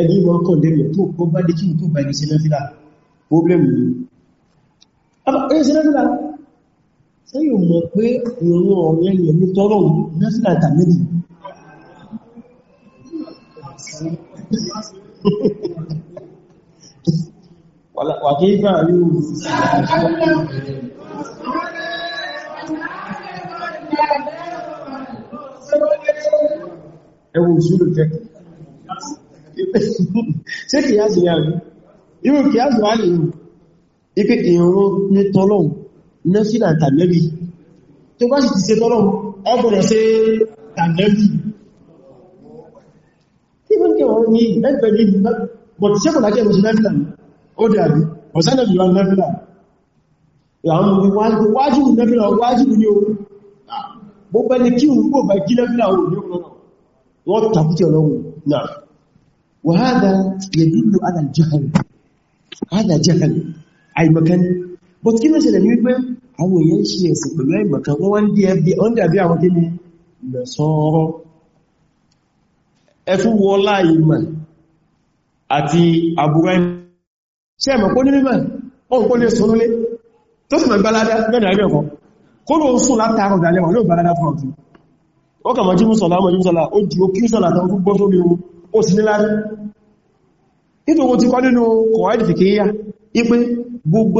ẹni mọ́ kàn lẹ́mẹ̀ tó kó bá dé kí n tó bá ní sinẹ́fílà problem ni ẹ̀yẹ sinẹ́fílà sẹ́yí o mọ̀ pé ìrún ọ̀rẹ́ yẹn ní tọ́rọ nẹ́fílà tàbí wà kí ń fà rí òun sí ẹwọ ìṣúlù tẹ́kì ṣe kìí yáṣì yà rí irú kìí yáṣì wà lè rú ipé ìrún ní tọ́lọ́un nẹ́fílà tàbí tó bá sì ti ṣe tọ́lọ́un ọgbọ̀rọ̀ ṣe tàbí kí fún kí wọ́n ní ẹgbẹ̀ ní bọ̀tí sẹ́kọ̀ọ́ lákẹ́ ìrọ̀ṣẹ́ nẹ́fílà ó dàbí ọ̀sánà ìrọ̀ nẹ́fílà bó bá ní kí òun gbò bá gílẹ̀ ní àwọn òní ọ̀nà wọ́n tàbútẹ̀ ọlọ́run náà wà hádá yẹ̀dúlù alájáhàn àìmọ̀kan but kí náà ṣẹlẹ̀ ní wípé àwọn èèyàn ṣe ẹ̀sìn pẹ̀lú àìmọ̀kan wọ́n wọ́n dí ẹbí wọ́n dàbí àwọn kí ni lẹ̀sọ́ọ́rọ́ ẹfún wọlá ìmọ̀ àti àbúrá ìmọ̀ ṣe ẹ̀mọ̀ kó ní mímọ̀ ọ̀n kó lè sọ́núlé tó sì mọ̀ gbáládá mẹ́rin àríọ̀kan kóló ń sùn látàrọ̀ ìdàlẹ́ wọn ló bá ládá fún ọ̀tún ó kà mọ̀ jí mùsọ̀lá mọ̀ jí mùsọ̀lá ó jù ó kí sọ̀lá tó gbọ́ tó léwu ó sì níláàrí nítorí ti kọ́ nínú kọ̀wàìdì fìkíyà ipé gbogbo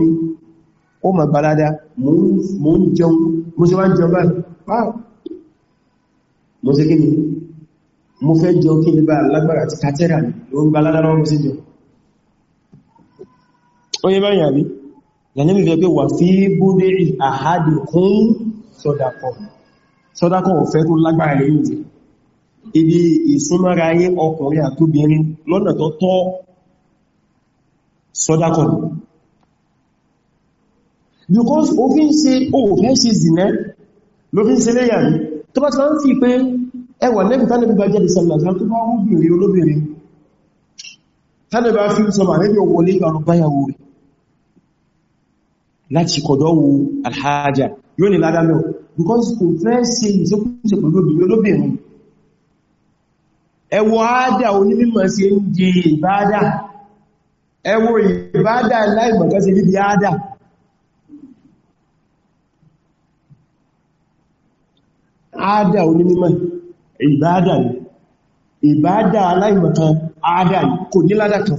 ni ó mọ̀ gbalada mò ń jẹun mo ṣe wá ń jẹun báyìí ah! ni mo fẹ́ jẹun kí ni bá lágbára ti kátẹ́rà ni ó ó yẹ báyìí àbí yàníbi fẹ́ pé wà fí búdé àhádì kún sọ́dàkọ̀ sọ́dàkọ̀ ọ̀fẹ́ tó lágbára lẹ́yìn jẹ́ ibi ìsúnmọ́ra ayé ọkùnrin àtóbìnrin lọ́nà tó tọ́ sọ́dàkọ̀ because ó fi ń ṣe òfin ṣe zìnà ló fi ń ṣe lẹ́yà rí tó bá ti wọ́n fi pé ẹwà lẹ́bí tánàbí bá jẹ́ ìsànlẹ̀ sọmọ̀ rẹ́bí owó lé ìgbàrùn báyàwó rẹ̀ láti kọ̀dọ̀wò alhaja yóò ní ládá náà because kò fẹ́ ṣe ìṣẹ́kúnṣe pẹ̀lú obìnrin olóbìnrin ẹwọ ádá onímọ̀ sí ń di ìbádá ẹwọ ìbádá láìmọ̀ká sí níbi ádá ádá onímọ̀ ìbádá ìbádá láìmọ̀ká ádá kò ní ládá kan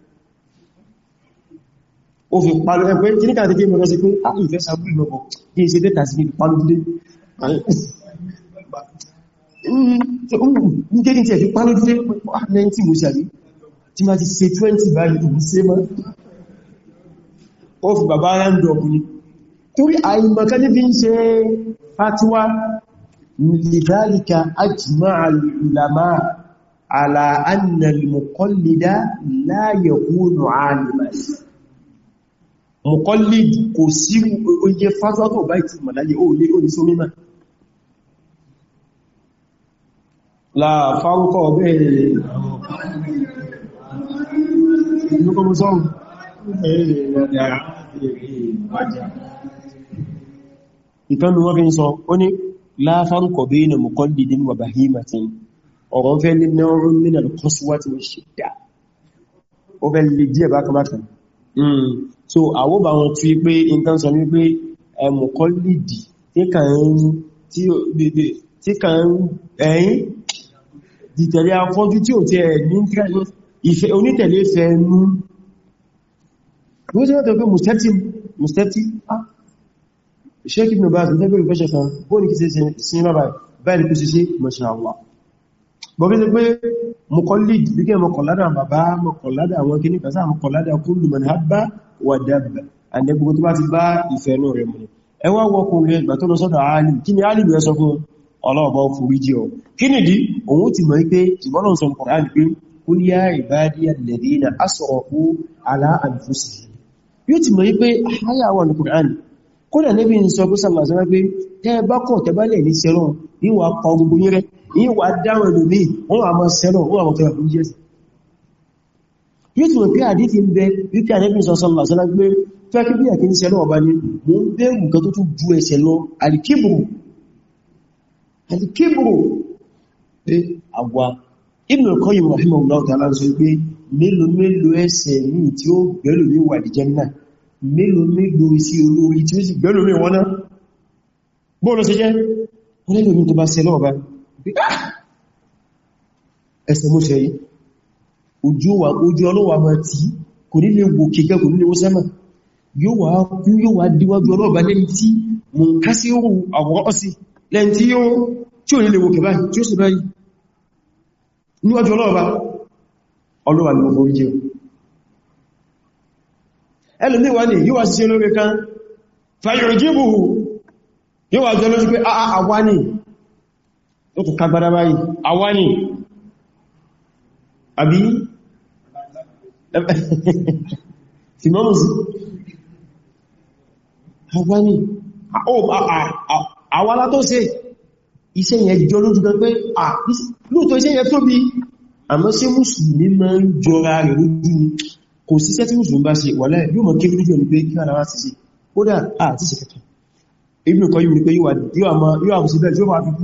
ó fi pàlú ẹgbẹ́ kíníkà tí kí mọ́ lọ́sí pé ìfẹ́ sàbúrì lọ́pọ̀ kí ṣe dẹ́ta sí ibi pàlú dídé ní kéèkì tí ẹ̀ fi pàlú dídé 90 mo ṣàrí tí ma ti ṣe 20 báyìí ìbí ṣe mọ́ ó fi bàbá ráńdù ọkùnrin mọ̀kọ́lìdì kò sí oye fásọ́tọ̀ bá ìtù màláyé ó lé oníṣò mímọ̀ láàfárúkọ̀ bẹ́ẹ̀ ìlúkọmọsọ́rùn ìkan ló wọ́n sọ ó ní láàfárúkọ̀ bẹ́ẹ̀ na mọ̀kọ́lìdì wà bahimatin ọ̀rọ̀ fẹ́ ní náà rún mínà kọ́sùwá ti wọ́n ṣe dá ó fẹ́ lè díẹ̀ bákan bákan Hmm. so àwọ́ bá wọn tí pé nǹkan sọ ní pé ẹmùkọ́ lìdì tí kàn ẹ̀yìn dìtẹ̀lé afọ́jú tí ò tí ẹ̀ ní ìfẹ́ onítẹ̀lé fẹ́ ẹnu wọ́n tí wọ́n tẹ́ pé mustati mustati ah ṣe kí ní bá ṣe tẹ́gbẹ̀rẹ̀ fẹ́ ṣe kan bóòlù kí sí sí lábàá báyìí kú sí sí masha Allah bọ̀bí sí pé mọ̀kọ̀lìd díkẹ́ mọ̀kọ̀ládà bàbá mọ̀kọ̀ládà àwọn kí ní kàsá mọ̀kọ̀ládà kullu man habba wa dabba àdẹ́gbogbo tó bá ti bá ìfẹ́ inú rẹ̀ mọ̀ ẹwà wọkùnrin ẹgbà tó lọ sọ́dọ̀ alim kí ni alim rẹ̀ sọ fún ọlọ́ọ̀bá òfúrí ala anfusihim yóò ti mọ̀ pé àyà wà ní Kùránì kódà níbi ń sọ pé sàmàsánà pé tẹ́ bá ní wà dáwọn ìlúmí wọ́n àmọ́ sẹ́lọ̀ wọ́n àwọn tẹ́lẹ̀ fúnjẹ́ sí yóò tí wọ́n pé àdíkì ń bẹ wípé àdẹ́bìn sọ́sọ́lá sọ́lá gbé fẹ́kí bí àkí ń sẹ́lọ̀ ọba ní mú ń bẹ́ nǹkan tó tún ju ẹsẹ̀ lọ alìkíbùrù alìkíbùrù pé àwa inú ẹ̀kọ́ yìí rahimu allah ta'ala tó bá sẹ́lọ̀ ọba ẹsẹ̀ mú ṣe yìí ojú ọlọ́wà máa tí kò ní lè wò kíkẹ́ kò ní lè wó sẹ́mà yóò wà kú yóò wà díwájú ọlọ́ọ̀bá lẹ́ni tí mò ń ká sí òhù àwọ̀rọ̀ sí lẹ́ni tí yóò tí ò ní lè wò kẹ̀bá tí ó sì báyìí ó tún kagbára báyìí àwa ni àbí ṣìgbọ́nù sí àwa ni àwa látó ṣe iṣẹ́ yẹn jọ lójú gan pé lóòtọ́ iṣẹ́ yẹn tóbi àmọ́ sí mùsùlùmí máa ń jọra rẹ̀ lójú ni kò síṣẹ́ tí mùsùlùmí bá ṣe wàlẹ́ yóò mọ̀ kéré lójú ẹni pé kí ara wá sí sí kódà àti ṣe kẹta yìí ni pé yíwà yíwà mọ̀ síbẹ̀ tí ó fi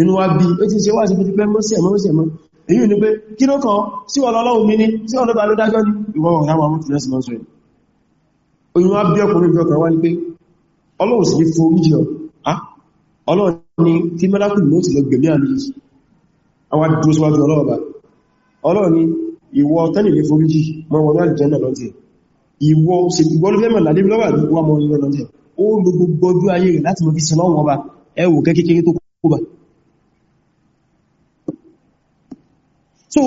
inú wa bí ó ti ṣe wá sí fún ti pẹ́ mọ́sẹ̀ mọ́sẹ̀ mọ́ èyí ni pé kí ló kàn sí ọlọ́lọ́wọ́ mi ní sí ọlọ́gbà ló dájọ́ ní ìwọ̀n ọ̀rẹ́ àwọn mọ́tí lẹ́sìn mọ́sọ̀ ẹ̀ oyún wá bí ọkùnrin bí ọkùnrin wá ní pé ọlọ́run sì fún oríjì ọ ọlọ́run ni tí mẹ́lákùn ló ti lọ gbẹ̀mí àmì yìí àwọn adúró síwájú ọlọ́ọ̀bá ọlọ́run ni ìwọ tẹ́lẹ̀ lè foríjì mọ́ wọn láti jẹ́nà lọ́tẹ̀ ìwọ sì gbọ́ ló fẹ́ mọ̀ lálé lọ́wọ́ àdúgbò wọn mọ́ lọ́tẹ̀ ó lo gbogbo ọjọ́ ayé rẹ̀ láti mọ́ fi sin lọ́wọ́ ọba ẹwù kẹ́kẹ́kẹ́ tó kó bá so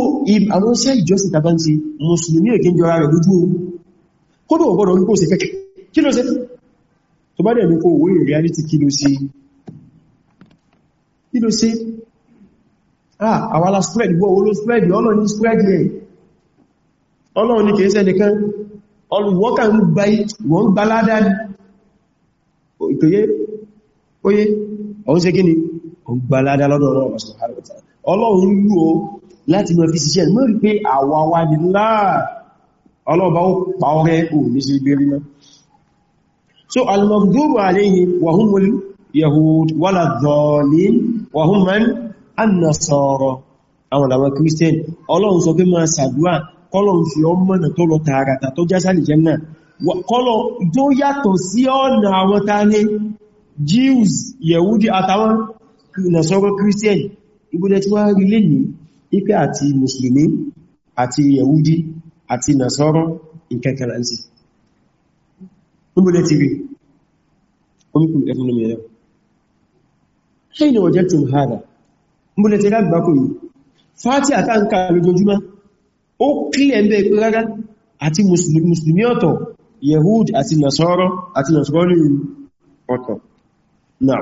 àwọn iṣẹ́ ìjọsìn tàbá ń ṣe mùsùlùmí èké ń jọra rẹ̀ lójú ohun kódò ọ̀gbọ́dọ̀ ní kò sí kẹ́kẹ́ kí ló ṣe tó bá dẹ̀ ní kò wó in reality kí ló ṣe kí ló ṣe ah àwàlá spread gbọ́ oló spread ọlọ́ ní spread rẹ̀ ọlọ́run ní kìí ṣe nìkan ọlùwọ́kà ń gba wọ́n gba ládàá ìtòyé óyé ọ̀hún ṣe kí ni ọ̀gbà ládàá lọ́dọ̀ ọlọ́run subhanahu wa ta'ala ọlọ́run lú o láti mọ̀ fi ṣiṣẹ́ mọ́ rí pé àwa wa ni láà ọlọ́ọ̀bá ó pa ọrẹ ò ní sí gbérí náà so al-maghdubi alayhim wa humul wala dhalin wa hum man an-nasara àwọn làwọn christian ọlọ́run sọ pé máa sàdúà kọ́lọ̀n fi ọmọnà tó lọ tààràtà tó já sálì jews yahudi àtàwọn nasọ́rọ̀ christian ibùdó tí wọ́n rí lè nìí ipe àti musulmi àti yahudi àti Nasoro, ìkẹkẹrẹ ń sí níbúlẹ̀ ti rí omikun ẹgbẹ̀rún ẹ̀yọ́ ṣe ni ọjẹ́ tún hada níbúlẹ̀ ti rágbà kò yìí fàtí àtàǹkà lójoojúmọ́ ó kílẹ̀ ń bẹ́ ìpé rárá àti musulmi ọ̀tọ̀ yahud àti nasọ́rọ̀ àti nasọ́rọ̀ ọ̀tọ̀ náà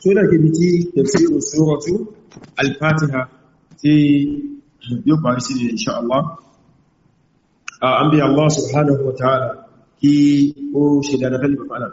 tó dàkẹ́bí tí tẹ̀sí òṣùrọ̀ tún alfatiha tí yóò parí sí insha Allah a an bí Allah subhanahu wa ta'ala kí ó ṣe dáadáa